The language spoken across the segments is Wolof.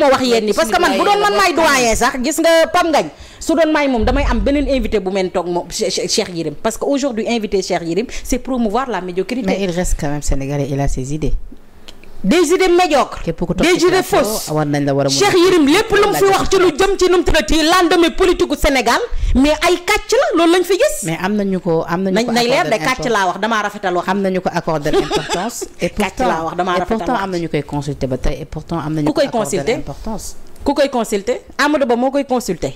moo wax yéen ni parce que man bu doon man maay doyen sax gis nga Pam Ngañ su doon may moom damay am beneen invité bu mel toog moom Cheikh Yérim parce que aujourd'hui invité Cheikh Yérim c'est promouvoir la médiocrité mais il reste quand même sénégalais il a des idées médiocres des idées fausses Cheikh Yérim lépp lu mu fi wax ci lu jëm ci nu mu tuddati Sénégal mais ay kàcc la loolu lañ fi gis. mais am na ñu ko am nañu ko nañ leer de kàcc laa wax damaa rafetal wax. am nañu ko accordé importance. et pourtant wax damaa rafetal wax et pourtant am nañu koy consulter ba tey et pourtant am na ku koy consulter ku koy consulter Amadou Ba moo koy consulter.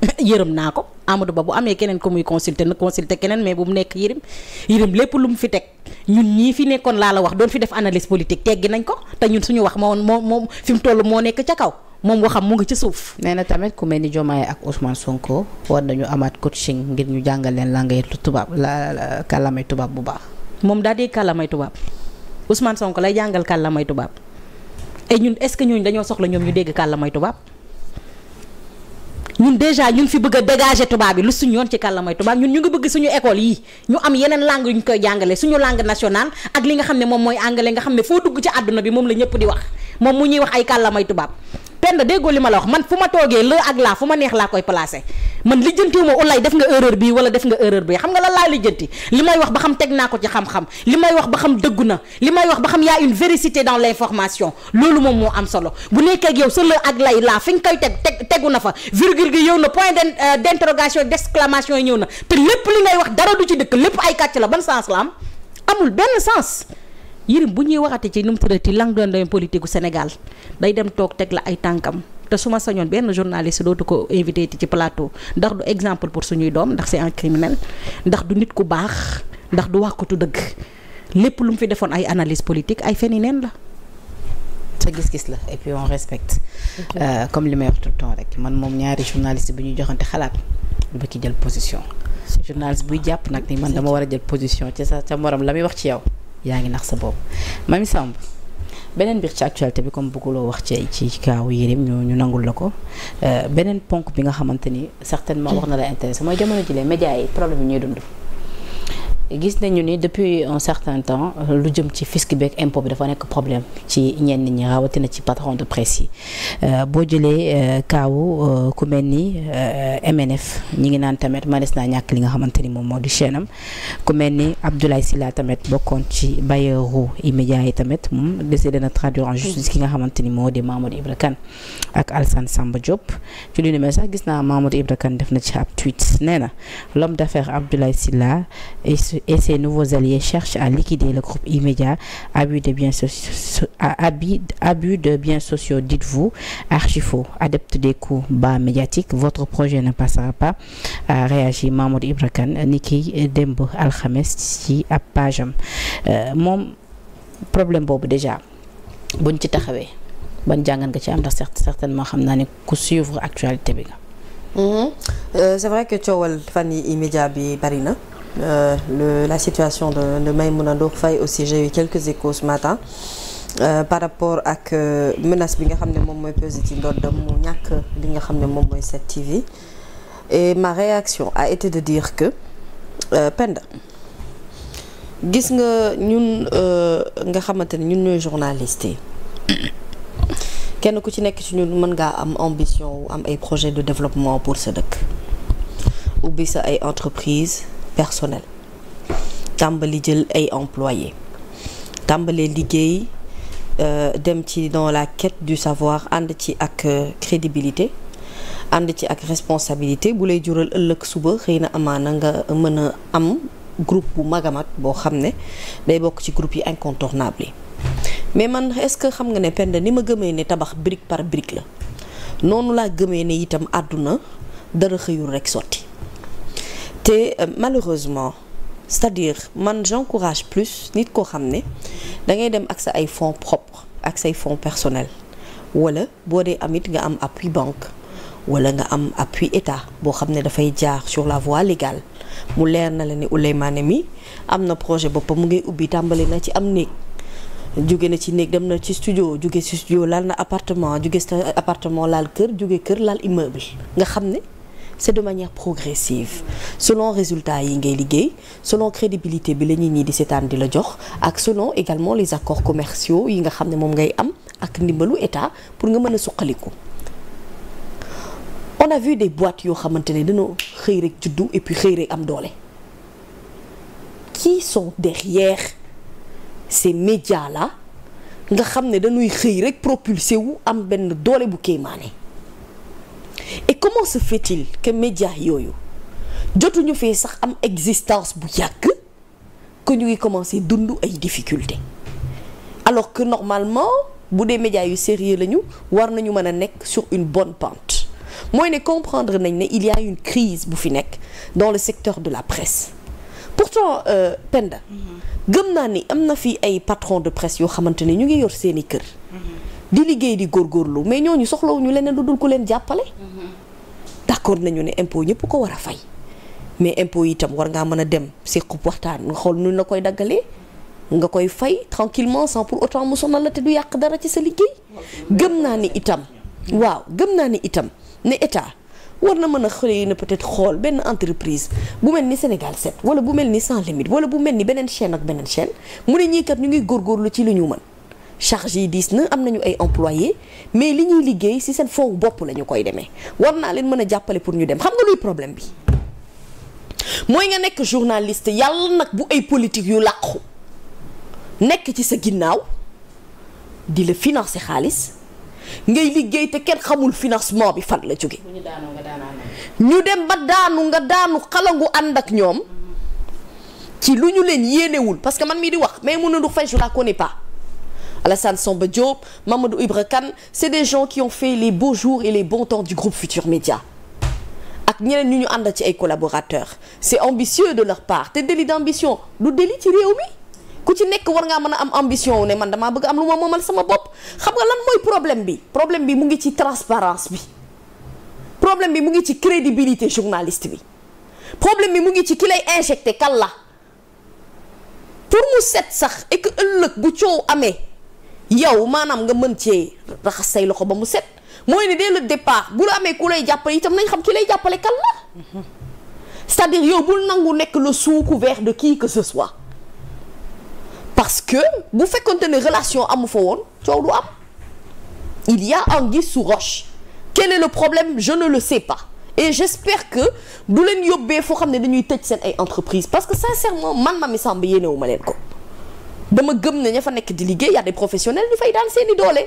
yërëm naa ko Amadou Ba bu amee keneen ko muy consulter na consulter keneen mais bu mu nekk Yérim Yérim lépp lu mu fi teg. ñun ñii fi nekkoon laa la wax doon fi def analyse politique teggi nañ ko te ñun suñu wax moom moom moom fi mu toll moo nekk ca kaw moom waxam mu ngi ci suuf. nee na tamit ku mel ni Diomaye ak Ousmane Sonko war nañu amaat coaching ngir ñu jàngal leen langay tubaab la kàllaamay tubaab bu baax. moom daa dee kàllaamay tubaab Ousmane Sonko lay jàngal kàllaamay tubaab et ñun est-ce que ñooñu dañoo soxla ñoom ñu dégg kàllaamay tubaab. ñun déjà ñu ngi fi bëgg a dégager tubaab bi lu suñu yoon ci kàllaamay tubaab ñun ñu ngi bëgg suñu école yi ñu am yeneen langue yu ñu koy jàngale suñu langue nationale ak li nga xam ne moom mooy anglais nga xam ne foo dugg ci àdduna bi moom la ñëpp di wax moom mu ñuy wax ay kàllaamay tubaab pend déggoo li ma la wax man fu ma toogee la ak laa fu ma neex laa koy placé man lijjantiwuma olay def nga erreur bii wala def nga erreur bi xam nga lan laa lijjanti li may wax ba xam teg naa ko ci xam-xam li may wax ba xam dëggu na li may wax ba xam yaa une véracité dans l'information loolu moom moo am solo bu nekkee ak yow sa la ak lay laa fi nga koy teg teg tegu na fa virgule gi yow na point euh, d'interrogation d'exclamation yi ñëw na te lépp li ngay wax dara du ci dëkk lépp ay kàcc la ban sens la am amul benn Yérim bu ñuy waxati ci nu mu tuddati lang doon doon politique gu Sénégal day dem toog teg la ay tànkam te su ma sañoon benn journaliste dootu ko invité ci plateau ndax du exemple pour suñuy doom ndax c'est un ndax du nit ku baax ndax du wàkkatu dëgg lépp lu mu fi defoon ay analyse politique ay feni neen la. sa gis-gis la et puis on respecte. Euh, comme li may wax tout le temps rek man moom ñaari journaliste bi ñuy joxante xalaat ba ci jël position. journaliste buy jàpp nag ni man dama war a jël position ci sa sa morom la muy wax ci yow. yaa ngi nax sa bopp Mamy Samb beneen mbir ci actualité bi comme bëgguloo wax ci ci kaawu Yérim ñu ñu nangul la ko euh, beneen ponk bi nga xamante ni certainement hmm. wax na la intéressé mooy jamono ji les médias yi problème yi ñuy dund gis nañu ni depuis un certain temps euh, lu jëm ci fisc beeg impôt bi dafa nekk problème ci ñenn ñi rawatina ci patron de presse yi euh, boo jëlee euh, kaawu ku mel ni MNF ñi ngi naan tamit manes naa ñàkk li nga xamante ni moom moo di chaîne am ku mel ni Abdoulaye Sylla tamit bokkoon ci bayeeru immédiat yi tamit moom de na traduire en justice ki nga xamante ni moo di Mamadou Ibra Kane ak Alassane Samba Diop ci lu ni mel sax gis naa Mamadou Ibra Kane def na ci ab tweet nee na et ses nouveaux alliés cherchent à liquider le groupe immédiat abus de biens sociaux ah, abus, abus de biens sociaux dites-vous archifaux adepte des coups bas médiatiques votre projet ne passera pas a réagi Mamadou Ibra Kane ni kiy démb alxames ci ab page am euh, moom problème boobu déjà buñ ci taxawee ban jàngan nga ci am ndax certainement xam naa ne ku suivre actualité bi nga mm-hmm. euh, c'est vrai que coowal fan yi bi bari euh, la situation de, mun a Ndour Faye aussi j'ai eu quelques échos ce matin euh, par rapport ak euh, menace bi nga xam ne moom mooy pesé ci ndoddam mu ñàkk li nga xam ne moom mooy 7TV et ma réaction a été de dire que euh, Penda gis nga ñun nga xamante ne ñun ñooy journaliste yi kenn ku ci nekk ci ñun mën ngaa am ambition wu am ay projet de développement pour sa dëkk ubbi sa ay entreprise personnel tàmbali jël ay employés tàmbalee liggéey euh, dem ci dans la quête du savoir ànd ci ak euh, crédibilité ànd ci ak responsabilité bu lay jural ëllëg suba xëy na amaana nga mën a am groupe bu mag a mag boo xam ne day bokk ci groupe yi incontournable yi mais man est-ce que xam nga ne pend ni ma gëmee ne tabax brique par brique la noonu laa gëmee ne itam àdduna dara xëyul rekk sotti te euh, malheureusement c'est-à-dire man j'encourage plus nit koo xam ne da ngay dem ak sa ay fonds propres ak say fonds personnel wala boo dee am it nga am appui banque wala nga am appui état boo xam ne dafay jaar sur la voie légale mu leer na la ne Ouleymaane mi am na projet boppam mu ngi ubbi tàmbali na ci am néeg jóge na ci néeg dem na ci studio jóge ci studio laal na appartement jóge appartement laal kër jóge kër laal immeuble nga xam ne c'est de manière progressive selon résultat yi ngay liggéey selon crédibilité bi la ñuy ñii di seetaan di la jox ak selon également les accords commerciaux yi nga xam ne moom ngay am ak ndimbalu état pour nga mën a suqaliku on a vu des boîtes yoo xamante ne dañoo xëy rek juddu et puis xëy rek am doole qui sont derrière ces médias la nga xam ne dañuy xëy rek propulsé wu am benn doole bu kéemaane et comment se fait-il que média yooyu jotuñu fee sax am existence bu yàgg que ñu ngi commencé dund ay difficultés alors que normalement bu dee médias yu sérieux lañu war nañu mën a nekk sur une bonne pente mooy ne comprendre nañ ne il y a une crise bu fi nekk dans le secteur de la presse pourtant euh, Penda mm-hmm. gëm naa ni am na fi ay patron de presse yoo xamante ne ñu ngi yor seeni kër mm-hmm. di liggéey di góor góorlu mais ñoo ñu soxlawuñu leneen lu dul ku leen jàppale. Mm-hmm. d'accord nañu ne impôt ñëpp ko war a fay mais impôt yi itam war ngaa mën a dem si xub waxtaan nga xool nu la koy daggalee. nga koy fay tranquillement sans pour autant mu sonal la te du yàq dara ci sa liggéey gëm naa ni itam waaw gëm naa ni itam ne état war na mën a xëy na peut-être xool benn entreprise bu mel ni Sénégal 7 wala bu mel ni sans limite wala bu mel ni beneen chaîne ak beneen chaîne mu ne kat ñu ngi góorgóorlu ci li ñu mën charge yi diis na am nañu ay employés mais li ñuy liggéey si seen fonds bopp la ñu koy demee war naa leen mën a jàppale pour ñu dem xam nga luy problème bi mooy nga nekk journaliste yàlla nag bu ay politique yu làqu nekk ci sa ginnaaw di la financer xaalis ngay liggéey te kenn xamul financement bi fan la jóge ñu dem ba daanu nga daanu xalangu ànd ak ñoom ci lu ñu leen yéenewul parce que man mi di wax mais mun na du fay je la connais pas Alassane Samba Diop Mamadou Ibra Kane c'est des gens qui ont fait les beaux jours et les bons temps du groupe Futur Média ak ñeneen ñu ñu ànd ci ay collaborateur c'est ambitieux de leur part te délit d'ambition lu délit ci réew mi ku ci nekk war ngaa mën a am ambition wu ne man damaa bëgg am lu ma moomal sama bopp xam nga lan mooy problème bi problème bi mu ngi ci transparence bi problème bi mu ngi ci crédibilité journaliste bi problème bi mu ngi ci ki lay kan la pour mu set sax et bu coow amee yow maanaam nga mën cee raxas say loxo ba mu set mooy ni dès le départ bu la amee ku lay jàppale itam nañ xam ki lay jàppale kan la c'est-à-dire yow bul nangu nekk le sous couvert de qui que ce soit parce que bu fekkonte ne relation amu fa woon coow du am il y a anguille sous roche quel est le problème je ne le sais pas et j'espère que du leen foo xam ne dañuy tëj seen ay entreprise parce que sincèrement man Mamy Samb yéenewuma leen ko dama gëm na ña fa nekk di liggéey y a des professionnels fay daan seeni i doole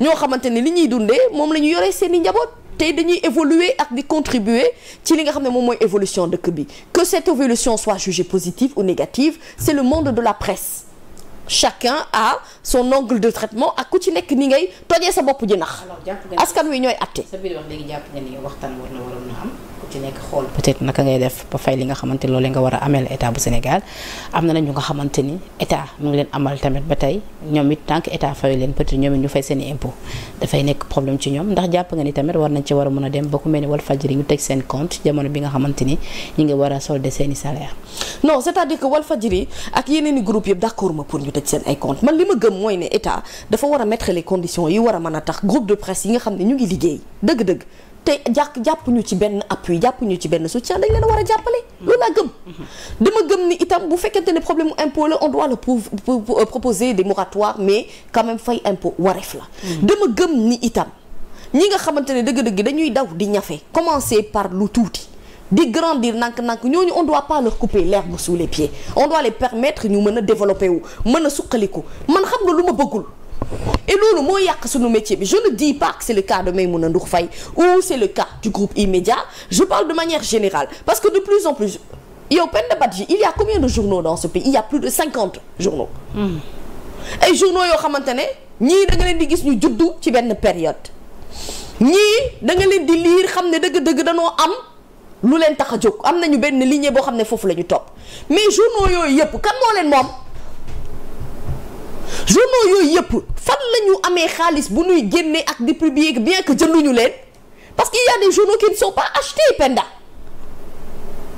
ñoo xamante ne li ñuy dundee moom la ñu yoree seen i njaboot tey dañuy évoluer ak di contribuer ci li nga xam ne moom mooy évolution dëkk bi que cette évolution soit jugée positive ou négative c'est le monde de la presse chacun a son angle de traitement ak ku ci nekk ni ngay tojee sa bopp ji nax askan wi ñooy atte sa biir wax léegi jàpp nga ni waxtaan na am ci nekk xool peut-être naka ngay def ba fay li nga xamante ni loolu nga war a ameel état bu Sénégal am na ñu nga xamante ni état mu ngi leen amal tamit ba tey ñoom it tant que état fay leen peut-être ñoom it ñu fay seen i impôt dafay nekk ci ñoom ndax jàpp nga ni tamit war nañ ci war a mën a dem ba ku mel ni wal fajri ñu teg seen compte jamono bi nga xamante ni ñu ngi war a solde seen salaire non c'est-à-dire que wal fajri ak yeneen i groupe yëpp d'accord ma pour ñu teg seen ay compte yi war a mën a tax groupe de presse yi nga xam ne ñu ngi te jàpp jàpp ñu ci benn appui jàpp ñu ci benn soutien dañ leen war a jàppale. loolu laa gëm. dama gëm ni itam bu fekkente ne problème mu impôt la on doit le proposer des moratoires mais quand même fay impo wareef la. Hmm. dama gëm ni itam ñi nga xamante ne dëgg-dëgg dañuy daw di ñafe commencer par lu tuuti. di grandir nank-nank ñooñu on doit pas leur couper l'herbe sous les pieds on doit les permettre ñu mën a développer wu mën a suqaliku man xam nga lu ma bëggul et loolu moo yàq sunu métier bi je ne dis pas que c'est le cas de Maïmouna Ndour Faye ou c'est le cas du groupe e je parle de manière générale parce que de plus en plus yow Penda Badji il y a combien de journaux dans ce pays il y a plus de cinquante journaux hmm. ay journaux yoo xamante ne ñii da leen di gis ñu juddu ci benn période ñii da nga leen di liir xam ne dëgg-dëgg danoo am lu leen tax a jóg am nañu benn lignée boo xam ne foofu la ñu topp mais journaux yooyu yëpp kan moo leen journaux yooyu yëpp fan la ñu amee xaalis bu ñuy génnee ak di publier bien que jënduñu leen parce que il y a des journaux qui ne sont pas achetés Penda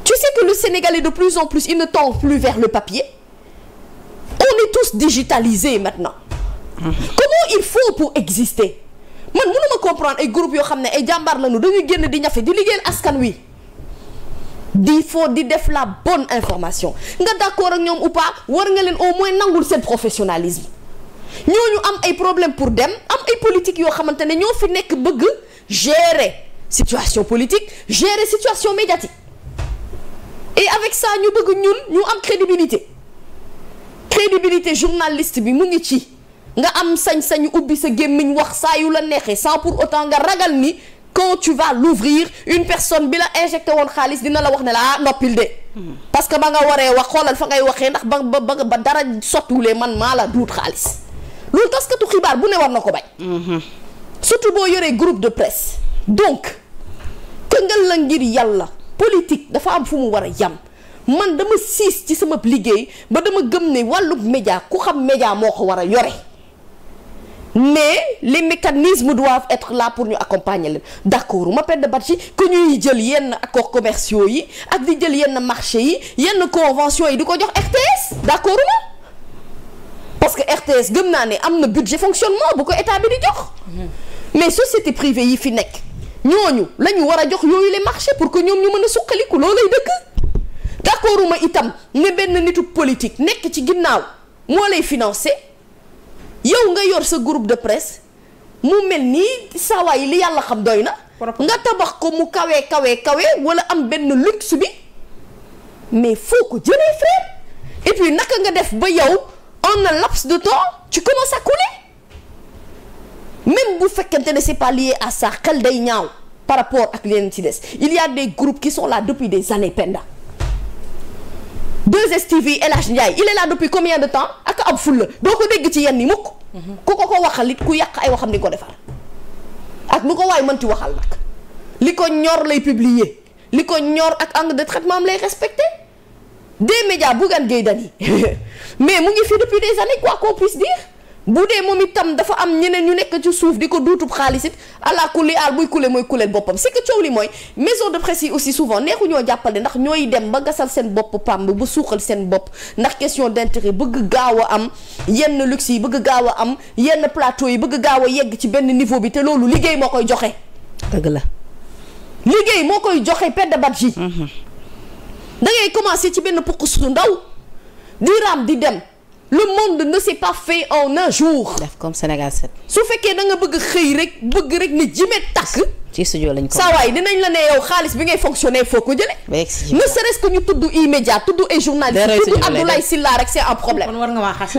tu sais que le Sénégalais de plus en plus il ne tend plus vers le papier on est tous digitalisés maintenant comment il faut pour exister man mënuma comprendre ay groupe yoo xam ne ay jàmbaar lañu dañuy génn di ñafe di liggéeyal askan wi di faut di def la bonne information nga d'accord ak ñoom ou pas war nga leen au moins nangul seen professionnalisme ñooñu am ay problème pour dem am ay politique yoo xamante ne ñoo fi nekk bëgg gérer situation politique gérer situation médiatique et avec ça ñu bëgg ñun ñu am crédibilité crédibilité journaliste bi mu ngi ci nga am sañ-sañu ubbi sa gémmiñ wax saa yu la neexee sans pour autant nga ragal ni quand tu vas l'ouvrir une personne bi la injecté woon xaalis dina la wax ne la ah noppil de hmm. parce que ba nga waree wax xoolal fa ngay waxee ndax ba ba ba dara sottiwulee man maa la duut xaalis loolu taskatu xibaar bu ne war na ko bañ. Mhm. surtout boo yoree groupe de presse. donc këngal la ngir yàlla politique dafa am fu mu war a yam man dama siis ci sama liggéey ba dama gëm ne wàllub média ku xam média moo ko war a yore mais les mécanismes doivent être là pour ñu accompagner leen d'accord ma perte de batchi ku ñuy jël yenn accords commerciaux yi ak di jël yenn marché yi yenn convention yi di ko jox RTS d'accord la parce que RTS gëm naa ne am na budget fonctionnement bu ko état bi di jox. mais société privée yi fi nekk ñooñu la ñu war a jox yooyu les marchés pour que ñoom ñu mën a suqaliku loolay dëgg. d'accorduma itam ne benn nitu politique nekk ci ginnaaw moo lay financer yow nga yor sa groupe de presse mu mel nii saawaay li yàlla xam doy na. nga tabax ko mu kawee kawee kawee wala am benn luxe bi mais foo ko jëlee frère et puis naka nga def ba yow. en un laps de temps tu commences à couler même bu fekkente ne si pas lié à ça xel day ñaaw par rapport ak leneen ci des il y a des groupes qui sont là depuis des années Penda 2STV El Hadj Ndiaye il est là depuis de temps ak ab ful la doo ko dégg ci yenn yi mukk ku ko ko waxal it ku yàq ay waxam ni ko defar ak lu ko waay mënti waxal nag li ko ñor lay publier li ko ñor ak angle de traitement am lay respecter des médias Bougane Gueye mais mu ngi fi depuis des années quoi qu'on puisse dire bu dee moom itam dafa am ñeneen ñu nekk ci suuf di ko duutub xaalisit it àla kulli aal buy kule mooy kuleel boppam c'est que coow li mooy maison de presse yi aussi souvent neexu ñoo jàppale ndax ñooy dem ba gasal seen bopp pàmb ba suuxal seen bopp ndax question d'intérêt bëgg gaaw a am yenn luxe yi bëgg gaaw a am yenn plateau yi bëgg gaaw a yegg ci benn niveau bi te loolu liggéey moo koy joxe dëgg la liggéey moo koy joxe pedd bat ji mhm. da ngay commencer ci benn puq su ndaw durable di dem le monde ne s'est pas fait en un jour. def comme Sénégal su fekkee da nga bëgg xëy rek bëgg rek ni jimet takk. ci studio lañ ko saa waay dinañ la ne yow xaalis bi ngay fonctionner foo ko jëlee. ne serait-ce ñu tudd immédiat tudd ay journaliste. dara tudd Abdoulaye Sylla rek c'est un problème. kon war nga maa xas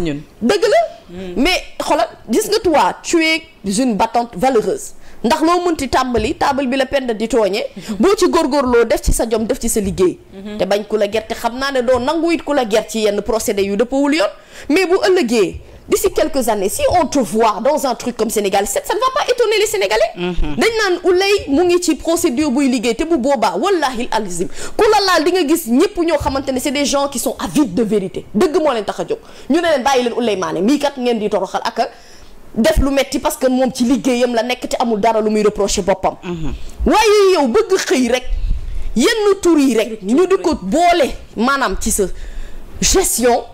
ñun. dëgg la. Hmm. mais xoolal gis nga toi tu es une battante valeureuse. ndax loo mënti tàmbali taabal bi la pend di tooñee boo ci góorgóorloo def ci sa jom def ci sa liggéey mhm. te bañ ku la ger te xam naa ne doon nangu it ku la ger ci yenn procédé yu dëppawul yoon mais bu ëllëgee d'ici quelques années si on te voit dans un truc comme Sénégal 7 ça ne va pas étonner les mhm. dañ naan ulay mu ngi ci procédure buy liggéey te bu boobaa wallahi alazim ku la laal di gis ñëpp ñoo xamante ne c'est des gens qui sont avides moo leen tax a jóg ne leen bàyyi leen ulay maane mii kat ngeen def lu metti parce que moom ci liggéeyam la nekk te amul dara lu muy reproché boppam. waaye yow bëgg xëy rek yenn tur yi rek. ñu di ko boole maanaam ci sa gestion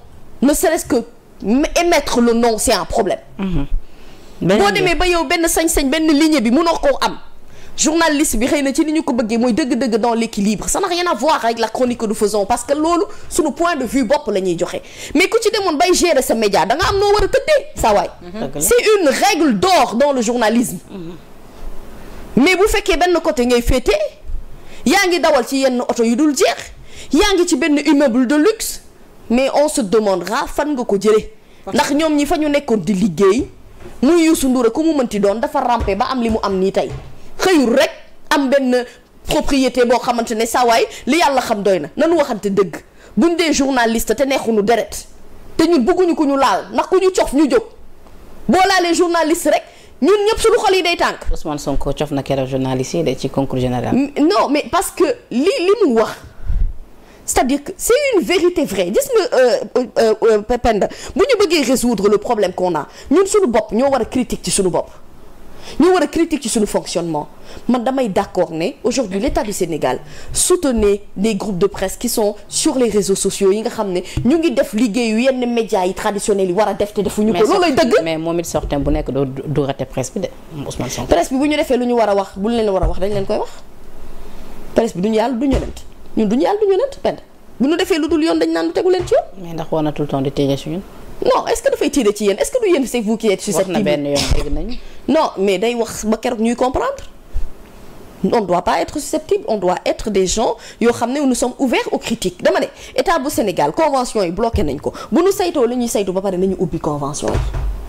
ne serait-ce que le nom c'est un problème. Mm-hmm. boo demee ba yow benn sañ-sañ benn ligne bi mënoo koo am. journaliste bi xëy na ci ni ñu ko bëggee mooy dëgg-dëgg dans l'équilibre ça n'a rien à voir la chronique que nous faisons parce que loolu suñu point de vue bopp la ñuy joxe mais ku ci demoon bay gérer sa média da am noo war a tëddee saa waay c'est une règle d'or dans le journalisme mm-hmm. mais bu fekkee benn côté ngay féete yaa ngi dawal ci yenn oto yu dul jeex yaa ngi ci benn immeuble de luxe mais on se demandera fan nga ko jëlee ndax ñoom ñi fa ñu nekkoon di liggéey muy Youssou Ndour ku mu mënti doon dafa ramper ba am li mu am nii tey xëyul rek am benn propriété boo xamante ne saa waay li yàlla xam doy na nanu waxante dëgg buñ dee journaliste te neexu neexuñu deret te ñun bëgguñu ko ñu laal ndax ku ñu cof ñu jóg boo laalee journaliste rek ñun ñëpp suñu xol yi day tànk. Ousmane Sonko cof na keroog journaliste yi de ci concours général. non mais parce que li li mu wax c'est-à-dire que c'est une vérité vraie gis nga euh, euh, euh, Penda bu ñu bëggee résoudre le problème qu'on a ñun suñu bopp ñoo war a critique ci suñu bopp. ñu war a critique ci suñu fonctionnement man damay d'accord ne aujourd'hui l'État du Sénégal soutenez des groupe de presse qui sont sur les réseaux sociaux yi nga xam ne ñu ngi def liggéeyu yenn média yi traditionnels yi war a def te defuñu ko loolu lay dëgg mais moom it sortem bu nekk doo doo rate presse bi de bu ñu defee lu ñu war a wax bu leen war a wax dañ leen koy wax presse bi ñu yàlla duñu ñu ñun duñu yàlla duñu yonent benn bu ñu defee lu dul yoon dañ naan lu tegu leen ci yoon mais ndax war suñu non est-ce que dafay tiire ci yéen est-ce que du yéen c'est vous qui êtes susceptible benn yoon dégg nañu non mais day wax ba keroog ñuy comprendre on doit pas être susceptible on doit être des gens yoo xam ne nous sommes ouverts aux critiques dama ne état bu Sénégal convention yi bloqué nañ ko bu nu saytoo li ñuy saytu ba pare nañu ubbi convention yi